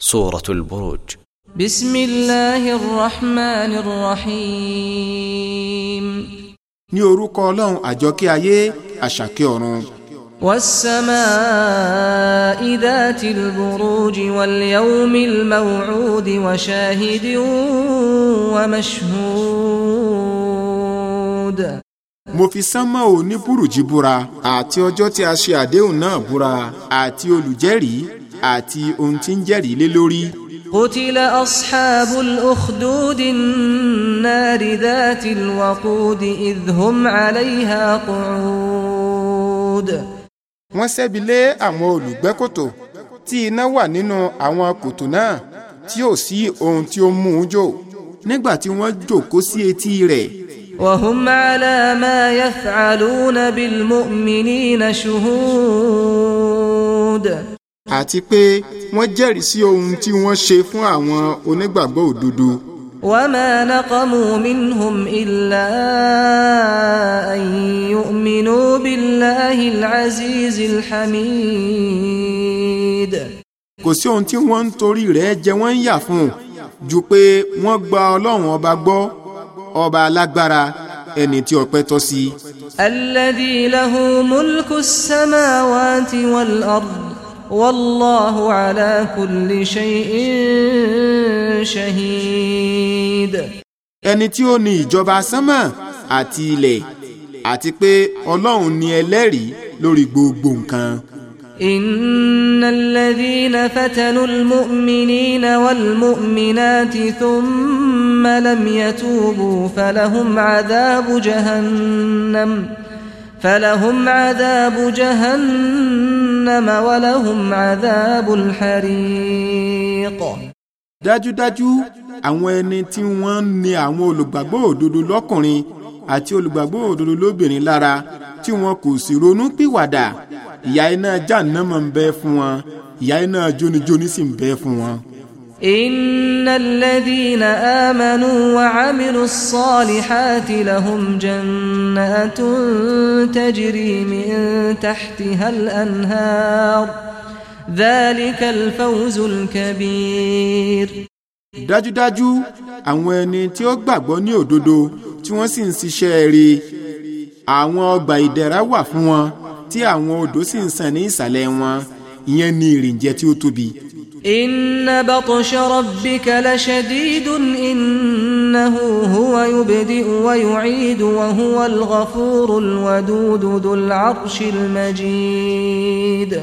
سورة البروج بسم الله الرحمن الرحيم ní orúkọ ọlọ́run àjọkẹ́ ayé àṣàkẹ́ ọ̀run. والسماء ذات البروج واليوم الموعود وشاهد ومشهود mo fi sánmọ́ òní búrùjì búra àti ọjọ́ tí a ṣe àdéhùn náà búra àti olùjẹ́rìí àti ohun tí ń jẹ́rìí lé lórí. قتل أصحاب الأخدود النار ذات الوقود إذ هم عليها قعود wọ́n ṣẹ́bi lé àwọn olùgbẹ́kòtò tí iná wà nínú àwọn kòtò náà tí ò sí ohun tí ó mú un jò nígbà tí wọ́n jókòó sí etí rẹ̀. وهم على ما يفعلون بالمؤمنين شهود àti pé wọ́n jẹ́rìí sí ohun tí wọ́n ṣe fún àwọn onígbàgbọ́ òdodo. وما نقموا منهم إلا أن يؤمنوا بالله العزيز الحميد. kò sí ohun tí wọ́n ń torí rẹ̀ jẹ wọ́n ń yà fún un ju pé wọ́n gba ọlọ́run ọba gbọ́ ọba alágbára ẹni tí ọpẹ́ tọ́ sí. الذي له ملك السماوات والأرض. والله على كل شيء شهيد. ẹni tí ó ní ìjọba sánmà àti ilẹ̀ àti pé ọlọ́run ni ẹlẹ́rìí lórí gbogbo nǹkan. إن الذين فتنوا المؤمنين والمؤمنات ثم لم يتوبوا فلهم عذاب جهنم فلهم عذاب جهنم جهنم ولهم عذاب الحريق داجو àwọn ẹni tí wọ́n ní àwọn olùgbàgbọ́ òdodo lọ́kùnrin àti olùgbàgbọ́ òdodo lóbìnrin lára tí wọn kò sì ronú pìwàdà ìyà iná jàǹnàmọ̀ ń bẹ fún wọn ìyà iná jónijóni sì ń bẹ fún wọn. إن الذين آمنوا وعملوا الصالحات لهم جنات تجري من تحتها الأنهار ذلك الفوز الكبير dájúdájú àwọn ẹni tí ó gbàgbọ́ ní òdodo tí wọ́n sì ń ṣiṣẹ́ rí àwọn ọgbà ìdẹ̀ra wà fún wọn tí àwọn odò sì ń sàn ní ìsàlẹ̀ wọn ìyẹn ni ìrìnjẹ tí ó tóbi. إن بطش ربك لشديد إنه هو يبدئ ويعيد وهو الغفور الودود ذو العرش المجيد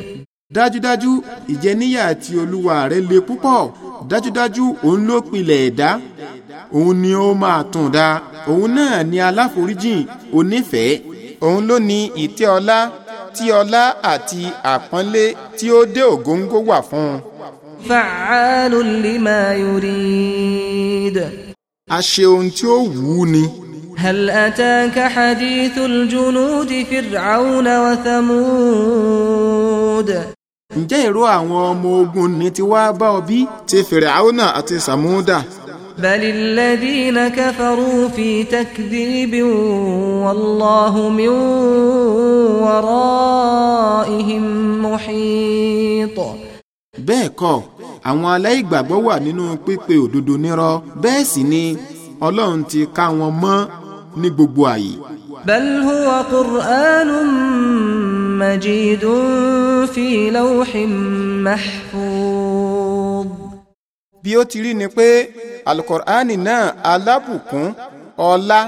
dájúdájú ìjẹníyà àti olúwa rẹ le púpọ̀ dájúdájú òun ló pilẹ̀ ẹ̀dá òun ni ó máa tún dá òun náà ni aláforíjìn onífẹ̀ẹ́ òun ló ní ìtẹ́ ọlá tí ọlá àti àpọ́nlé tí ó dé ògóńgó wà fún un. فعال لما يريد أشيون تيووني هل أتاك حديث الجنود فرعون وثمود ǹjẹ́ ìró àwọn ọmọ ogun ní ti wá bá ọ bí ti àti sàmúdà. بل الذين كفروا في تكذيب والله من وراء bẹ́ẹ̀ kọ́ àwọn aláìgbàgbọ́ wà nínú pípe òdodo nírọ́ bẹ́ẹ̀ sì ni ọlọ́run ti ká wọn mọ́ ní gbogbo àyè. bal huwa qur'anun majidun fi lawhin mahfuz. bí ó ti rí ni pé alukur'ani náà alábùkún ọlá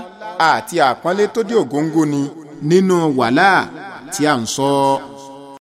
àti àpọ́nlé tó dé ògóńgó ni nínú wàhálà tí a ń sọ.